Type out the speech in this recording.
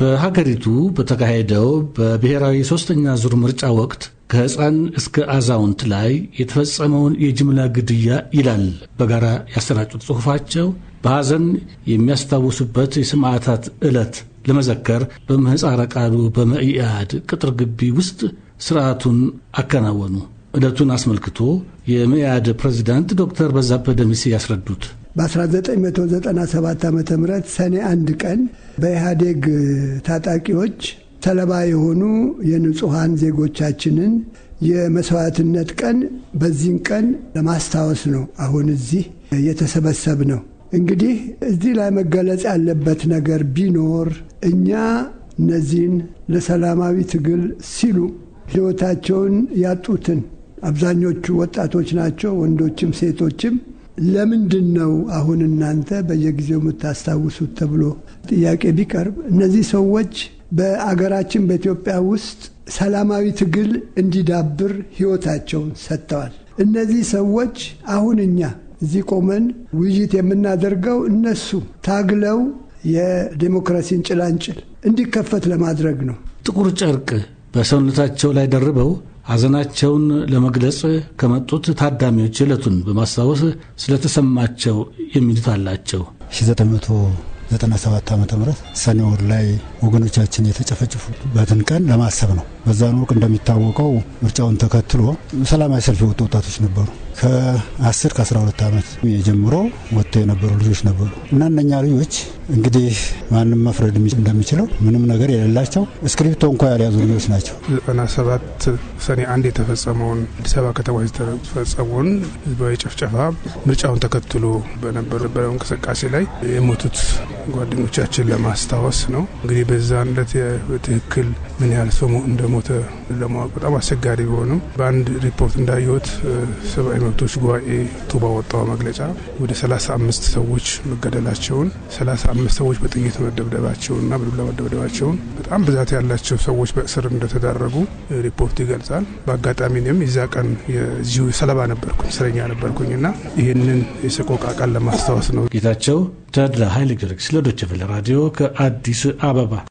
በሀገሪቱ በተካሄደው በብሔራዊ ሶስተኛ ዙር ምርጫ ወቅት ከህፃን እስከ አዛውንት ላይ የተፈጸመውን የጅምላ ግድያ ይላል በጋራ ያሰራጩት ጽሑፋቸው። በሐዘን የሚያስታውሱበት የሰማዕታት ዕለት ለመዘከር በምህፃረ ቃሉ በመኢአድ ቅጥር ግቢ ውስጥ ስርዓቱን አከናወኑ። ዕለቱን አስመልክቶ የመኢአድ ፕሬዚዳንት ዶክተር በዛብህ ደሚሴ ያስረዱት በ1997 ዓ ም ሰኔ አንድ ቀን በኢህአዴግ ታጣቂዎች ሰለባ የሆኑ የንጹሐን ዜጎቻችንን የመስዋዕትነት ቀን በዚህን ቀን ለማስታወስ ነው አሁን እዚህ የተሰበሰብ ነው። እንግዲህ እዚህ ላይ መገለጽ ያለበት ነገር ቢኖር እኛ እነዚህን ለሰላማዊ ትግል ሲሉ ሕይወታቸውን ያጡትን አብዛኞቹ ወጣቶች ናቸው፣ ወንዶችም ሴቶችም ለምንድን ነው አሁን እናንተ በየጊዜው የምታስታውሱት ተብሎ ጥያቄ ቢቀርብ እነዚህ ሰዎች በአገራችን በኢትዮጵያ ውስጥ ሰላማዊ ትግል እንዲዳብር ሕይወታቸውን ሰጥተዋል። እነዚህ ሰዎች አሁን እኛ እዚህ ቆመን ውይይት የምናደርገው እነሱ ታግለው የዴሞክራሲን ጭላንጭል እንዲከፈት ለማድረግ ነው። ጥቁር ጨርቅ በሰውነታቸው ላይ ደርበው ሐዘናቸውን ለመግለጽ ከመጡት ታዳሚዎች ዕለቱን በማስታወስ ስለተሰማቸው የሚሉት አላቸው። 97 ዓ ም ሰኔ ወር ላይ ወገኖቻችን የተጨፈጨፉበትን ቀን ለማሰብ ነው። በዛን ወቅት እንደሚታወቀው ምርጫውን ተከትሎ ሰላማዊ ሰልፍ የወጡ ወጣቶች ነበሩ። ከ10 ከ12 ዓመት ጀምሮ ወጥተው የነበሩ ልጆች ነበሩ እና እነኛ ልጆች እንግዲህ ማንም መፍረድ እንደሚችለው ምንም ነገር የሌላቸው እስክሪፕቶ እንኳ ያልያዙ ልጆች ናቸው። 97 ሰኔ አንድ የተፈጸመውን አዲስ አበባ ከተማ የተፈጸመውን ህዝባዊ ጭፍጨፋ ምርጫውን ተከትሎ በነበረው እንቅስቃሴ ላይ የሞቱት ጓደኞቻችን ለማስታወስ ነው። እንግዲህ በዛን ዕለት ትክክል ምን ያህል ሰው እንደሞተ ለማወቅ በጣም አስቸጋሪ ቢሆንም በአንድ ሪፖርት እንዳየሁት ሰብአዊ መብቶች ጉባኤ ቱባ ወጣው መግለጫ ወደ 35 ሰዎች መገደላቸውን፣ 35 ሰዎች በጥይት መደብደባቸውንና በዱላ መደብደባቸውን በጣም ብዛት ያላቸው ሰዎች በእስር እንደተዳረጉ ሪፖርት ይገልጻል። በአጋጣሚ እኔም የዛ ቀን የዚሁ ሰለባ ነበርኩኝ፣ እስረኛ ነበርኩኝ እና ይህንን የሰቆቃ ቃል ለማስታወስ ነው ጌታቸው አምባሳደር ለኃይለ ጊዮርጊስ ለዶቸቬለ ራዲዮ ከአዲስ አበባ